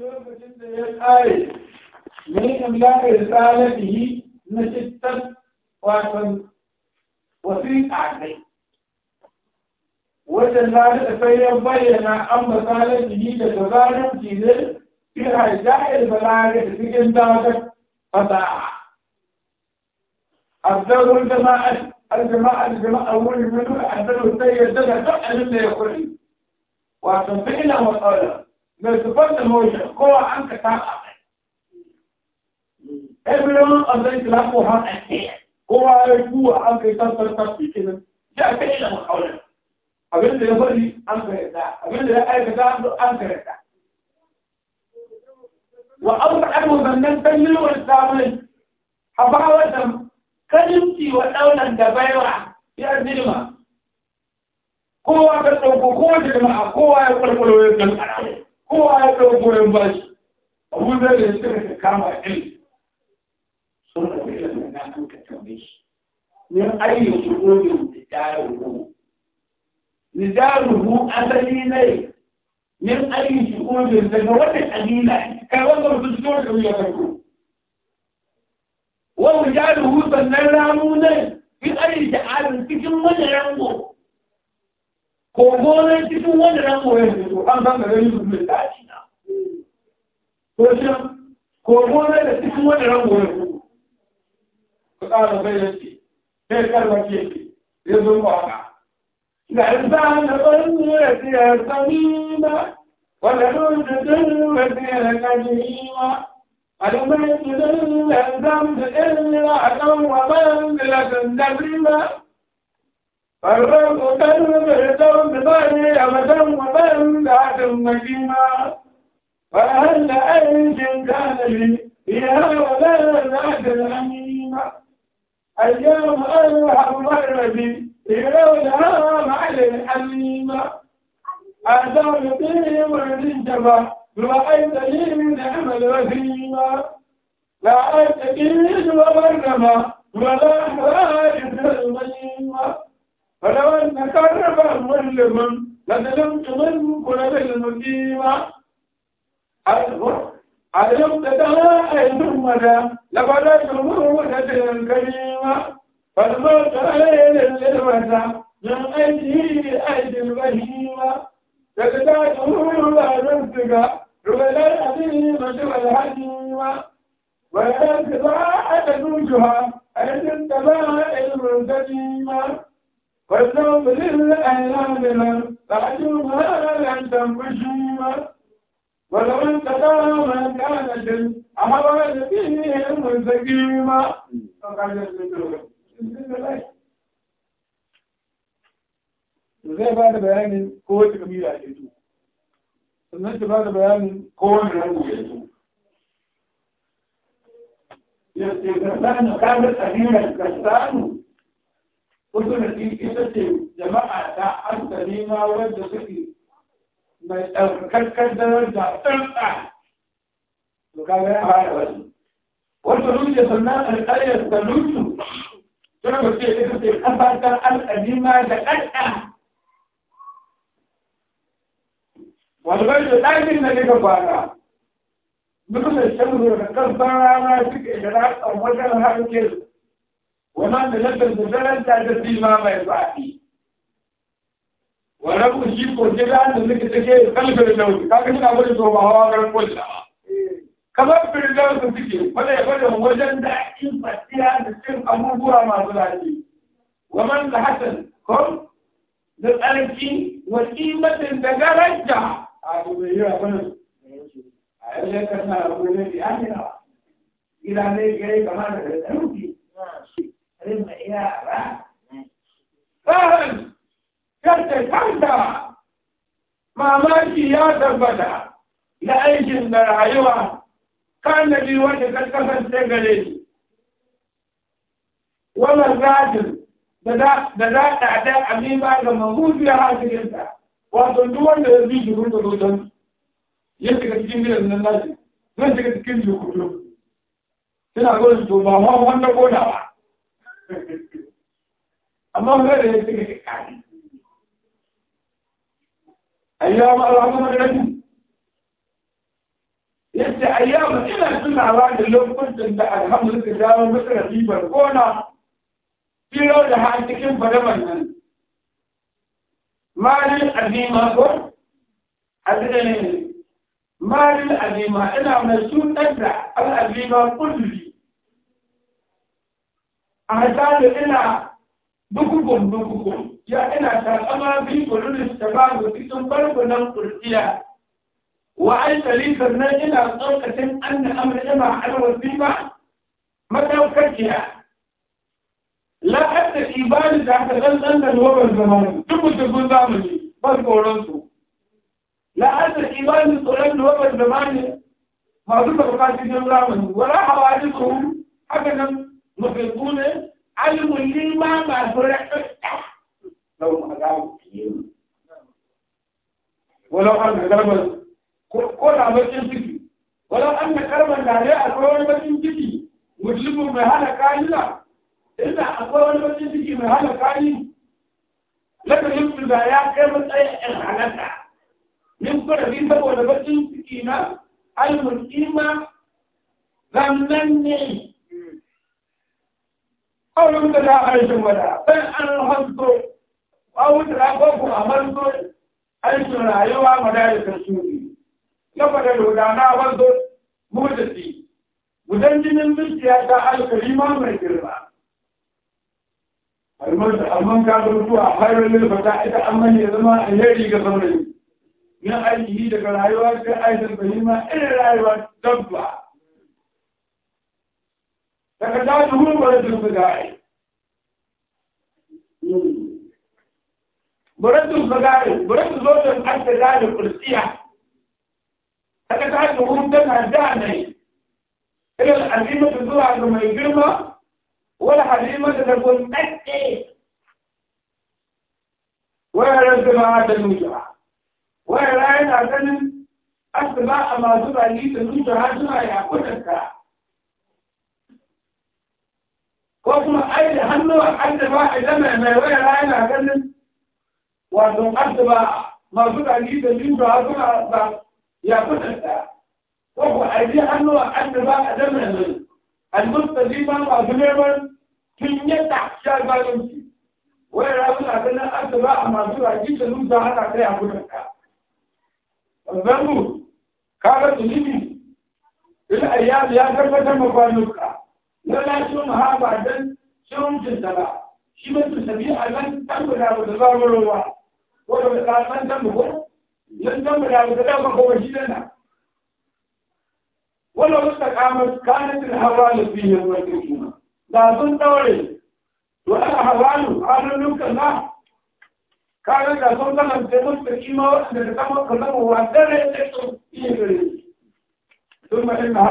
lokacin da ya tsare min imlaƙi risalatihi na shittar watan wasiƙa ne wajen na da sai ya bayyana an masalatihi da tazarin cizir fi hajjahil balaga da cikin dagar fasaha أبدأوا الجماعة الجماعة الجماعة أول منهم أبدأوا السيد ده ده اللي يقول وأتبعنا وقال mai zubar da hoshe kowa an ka taɓa everyone of them to have one idea kowa ya kuwa an kai tantar tafi kenan ya kai da makaulin abin da ya faɗi an karanta abin da ya aikata an karanta wa an faɗa mu zannan kallon samun habawa da kalimci wa ɗaunan da baiwa ya zilma kowa ka ɗauko kowa da jama'a kowa ya kwalkwalo ya kan ƙarami kowa ya ɗau goyon bashi abu zai da shi ka kama ilmi sun da ilmi na an ka tambaye shi min ayyu shu'urin tijaruhu tijaruhu asali ne min ayyu shu'urin daga wata kabila kai wanda mutum shi da wuya farko wa tijaruhu sannan ramu ne min ayyu sha'arin cikin manyan rango kogonin cikin wanda na koya da su an san gare su da tashi na ko shi kogonin da cikin wanda na koya da su ku tsara bai da sai karwa ke ce ya zo haka. da san da ɓarni ya ce ya sani ba wanda don da don da ce ya kaji ma alimai da don da zan da ɗan a kan wa ban da lakan da ba فالرب تنم الدوم لي فيها ولا بعد الأمينة أيام أرحم مربي لولا مع الحميمة أدار فيه والجبا رأيت لي من عمل وفيما لا أتكيد وبرما ولا أحرام فلو أن كرب مظلما لظلمت منه كل المقيمة ألم تدعى المدى لفلت المرمدة الكريمة فالموت عين للمدى من أجل أجل البهيمة تدعى الله رزقا ربنا العظيمة والحكيمة ويا انتباع نوجها أن انتباع المنتجمة قلوب للأيام لم تعجبها لن تنفشيها ولو انتدى ما كانت الأحوال فيهم سقيمة فقال zai ba da bayanin ko wata kabila ke su sannan ta ba da bayanin ko wani rangu ke su ya ce ka sanu kamar kabilar ka sanu zuhudi ita ce jama'a ta asali ma wanda suke mai ɗaukakakkar daraja tsantsa to kaga ya fara wasu wata rufe sannan alƙaryar da lutu suna ba ce ita ce kafatar al'adima da ƙaƙa walbar da ɗakin da nika kwana duk da shan zuwa kan rana suke da ratsan wajen harkar وما تنزل بسرعة تعزتي ما ما يفعلي ولو نجيب كل جدا نزلك تكي قلب الجوز كاكي من أبو جسو بحوا غير كل جدا كما في الجوز تكي فلا يفعل وجن دعين فتيا نسير أمور بورا ما تلاتي ومن لحسن كم نسألكين وإيمة تنزل أبو بيهو أبو نجيب أبو نجيب أبو نجيب أبو نجيب أبو نجيب أبو نجيب أبو نجيب ma yara tsarin karta kanta mamaki ya tabbata na aikin da rayuwa kan da biyu wanda kan kasance gare ni wannan zatin da za ta da amima ga mahujiyar hasirinta wato duk wanda ya zuci rute rutan ya shiga cikin gidan nan nashi zai shiga cikin jikudu suna gudun to ba ma wanda kodawa أيام الله ما غيرني يجي أيام إلى سنة الله اللي كنت عند الحمد لله مثل غيبة كونا في رود حاجتكم بدمنا ما لي عظيمة كون عظيمة ما لي عظيمة إلا من سوء تجرع العظيمة كل لي أحتاج إلى دككم دككم يا إنا تأمى في قلوب الشباب وكتم بربنا القرسية وأي سليم فرنا إلى طرقة أن أمر إما على وسيمة متى وكتها لا حتى إيمان ذات غلطان تنوب الزمان تبو تبو زامني بس قولنسو لا حتى إيمان تنوب نوب الزمان ما ذو بقاتي جمرامن ولا حوادثهم حتى محبون علم لي ما ما لو ما قالوا ولو أن كرما كل عمل جدي ولو أن كرما لا يأكل بكين جدي مسلم بهذا كائنا إذا أكل بكين جدي بهذا كائن لكن يمكن لا يأكل أي إنسان يمكن أن يكون بكين جدينا المسلم ذمني أو يمتدى عيش ولا فأنا الخلطة أو تراقبكم أمرتم عيش رأيوها مدارس السوري لقد الهدانا وزر مهدسي مدنجن المسياسة الكريمة من الكريمة المن كان رجوع خير للفتاة إذا أمن يزمى يجي قصمني من أجهي لك رأيوها كأيضا فهيمة إلى رأيوها تبقى daga ta duhu bara dubu gai bara dubu gai bara dubu zo da an ta gai kursiya daga ta duhu da ta da ne ila al'azima ta zuwa ga mai girma wala halima da gun tsakke wala rajama da nuja wala rayana ganin asba amma zuba ni da nuja har zuwa ya kudanta وكما أي هم أي ما لما ما يوي على أنا أكلم وأنا أكتب ما أقول عليه دليل ما أقول ما يا بنت وكما أي هم أي ما لما ما المستجيب ما أقول ما كم يتعشى قالوا شيء وأنا أقول أنا أكتب ما أقول عليه دليل ما أقول ما يا بنت ذنبو كارت نيمي الأيام يا كرمت مفانوكا ولا شم هذا دن شم تسبع شم تسبيع من تنبدا وتدبر ولوا ولو قال من تنبدا من تنبدا وتدبر فوجدنا ولو استقامت كانت الحوالي فيه والكشمة لا تنتوري ولا حوالي قالوا لك لا كانت لا تنتظر تنتظر الإيمة وأن تتمكن له وأن تنتظر إيه ثم إن